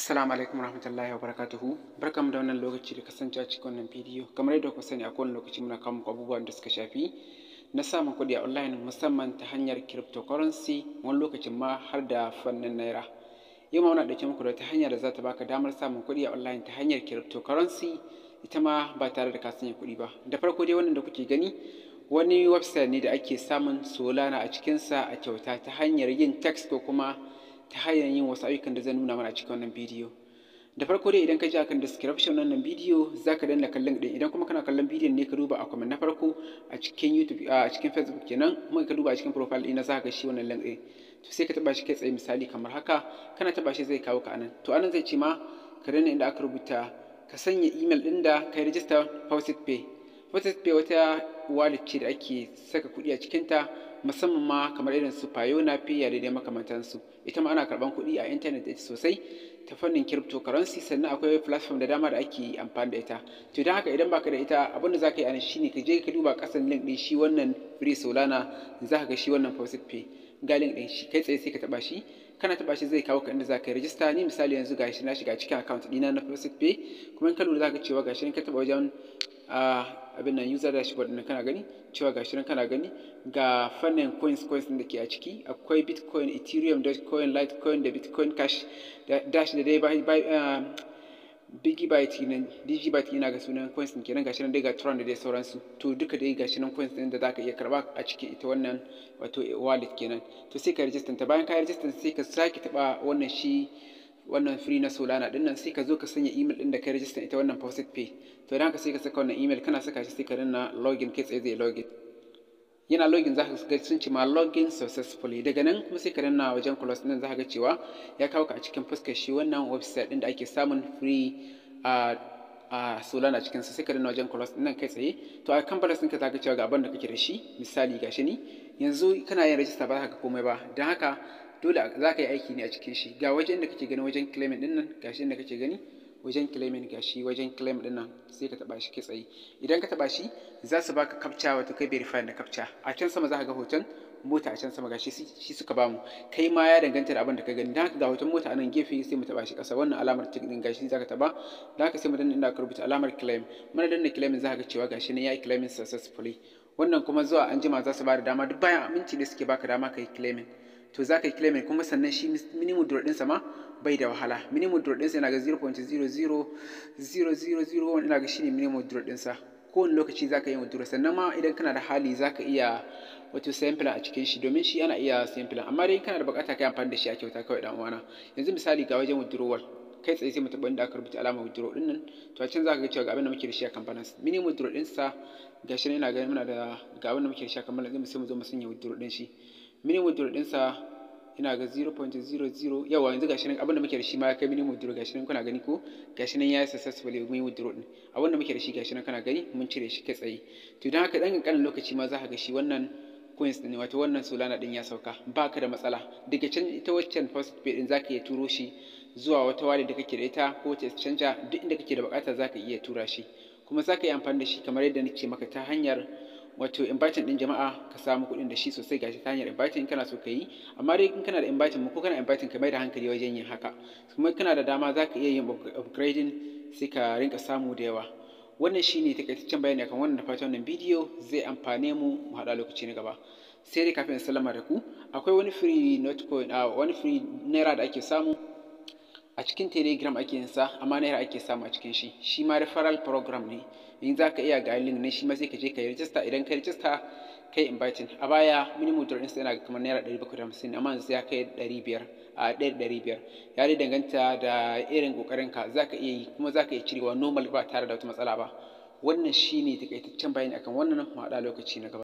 Assalamu alaikum warahmatullahi wabarakatuhu barkam da wannan lokaci da kasance a cikin wannan bidiyo kamar yadda kuka sani a kowane lokaci muna kawo muku abubuwan da suka shafi na samun kuɗi a online musamman ta hanyar cryptocurrency wani lokacin ma har da fannin naira yau ma muna ɗauke muku da ta hanyar da za ta baka damar samun kuɗi a online ta hanyar cryptocurrency ita ma ba tare da ka sanya kuɗi ba da farko dai wannan da kuke gani wani website ne da ake samun solana a cikinsa a kyauta ta hanyar yin text ko kuma ta hanyar yin wasu ayyukan da zan nuna mana cikin wannan bidiyo da farko dai idan ka je akan description wannan bidiyo za ka danna kallon ɗin. idan kuma kana kallon bidiyon ne ka duba a comment na farko a cikin youtube a cikin facebook kenan kuma ka duba a cikin profile ɗina za ka ga shi wannan link ɗin to sai ka taba shi kai tsaye misali kamar haka kana taba shi zai kawo ka anan to anan zai ce ma ka danna inda aka rubuta ka sanya email ɗin da ka yi register faucet pay faucet pay wata wallet ce da ake saka kuɗi a cikinta musamman ma kamar irin su fiya da dai makamantansu ita ma ana karban kuɗi a intanet sosai ta fannin cryptocurrency sannan akwai platform da dama da ake amfani da ita to don haka idan baka da ita abin da za ka yi anan shine ka je ka duba kasan link din shi wannan free solana za ka ga shi wannan faucet pay ga link din shi kai tsaye sai ka taba shi kana taba shi zai kawo ka inda za ka yi rajista ni misali yanzu gashi na shiga cikin account dina na faucet pay kuma in ka lura za ka cewa gashi ka taba wajen abin nan user dashboard ɗin kana gani cewa gashi nan kana gani ga fannin coins coins da ke a ciki akwai bitcoin ethereum dogecoin litecoin da bitcoin cash dash da dai bigibyte eh, nan digibyte ina ga sunan coins ɗin kenan gashi nan dai ga tron da dai sauransu to duka dai gashi nan coins ɗin da zaka iya karba a cikin ita wannan wato wallet kenan to sai ka register ta bayan ka register sai ka sake taɓa wannan shi wannan free na Solana din nan sai ka zo ka sanya email din da ka register ita wannan faucet pay to idan ka sai ka saka wannan email kana saka shi sai ka rinna login kai tsaye zai login yana login za ka ga sun ce ma login successfully daga nan kuma sai ka rinna wajen close din za ka ga cewa ya kawo ka a cikin fuskar shi wannan website din da ake samun free a a Solana cikin sa sai ka rinna wajen close nan kai tsaye to a kan balance ka za ka cewa ga abin da kake da shi misali gashi ni yanzu kana yin rajista ba za ka komai ba don haka dole za ka yi aiki ne a cikin shi ga wajen da kake gani wajen claim din nan ga shi inda kake gani wajen claim ga shi wajen claim din nan sai ka taba shi tsaye idan ka taba shi za su baka captcha wato kai verify da captcha a can sama za ka ga hoton mota a can sama gashi shi suka bamu kai ma ya danganta da abin da ka gani dan haka ga hoton mota a nan gefe sai mu taba shi kasa wannan alamar tick din gashi zaka taba dan haka sai mu danna inda ka rubuta alamar claim mana danna claim zaka ga cewa gashi ne ya claiming successfully wannan kuma zuwa an jima za su ba da dama duk bayan aminci da suke baka dama ka yi claiming to za ka yi claiming kuma sannan shi minimum draw ɗinsa ma bai da wahala minimum draw ɗinsa yana ga 0.00001 ina ga shi ne minimum draw ɗinsa kowane lokaci za ka yi withdraw sannan ma idan kana da hali za ka iya wato sayen filan a cikin shi domin shi ana iya sayen filan amma dai kana da bukata ka yi amfani da shi a kyauta kawai dan uwana yanzu misali ga wajen withdrawal kai tsaye sai mu tabbata da aka rubuta alamar withdraw din nan to a can za ka ga cewa ga abin da muke da shi a kamfanin minimum withdraw din sa gashi ne ina ganin muna da ga abin da muke da shi a kamfanin din sai mu zo mu sanya withdraw din shi minimum withdraw din sa ina ga 0.00 yawa yanzu gashi nan abin da muke da shi ma ya kai minimum withdraw gashi nan kuna gani ko gashi nan yayi successfully mini yi withdraw din abin da muke da shi gashi nan kana gani mun cire shi kai tsaye to idan haka dan kan lokaci ma za ka ga shi wannan coins din wato wannan solana din ya sauka baka da matsala daga can ita waccan first pay din zaka iya turo shi zuwa wata wallet da kake da ita ko wata canja duk inda kake da bukata zaka iya tura shi kuma zaka yi amfani da shi kamar yadda nake maka ta hanyar wato inviting din jama'a ka samu kuɗin da shi sosai gashi ta hanyar inviting kana so ka yi amma dai in kana da inviting ko kana inviting ka mai da hankali wajen yin haka kuma kana da dama zaka iya yin upgrading sai ka rinka samu da yawa wannan shine takaitaccen bayani akan wannan fata wannan bidiyo zai amfane mu mu haɗa lokaci na gaba sai dai kafin sallama da ku akwai wani free notcoin a ah, wani free naira da ake samu a cikin telegram ake yin sa amma naira ake samu a cikin shi shi ma referral program ne in za ka iya ga link ne shi ma sai ka je ka yi register idan ka register kai inviting a baya minimum dollar ɗinsa yana kamar naira 750 da amma yanzu ya kai 500 a 1500 ya dai danganta da irin kokarin ka za ka iya yi kuma za ka iya cirewa normal ba tare da wata matsala ba wannan shine takaitaccen bayani akan wannan mu da lokaci na gaba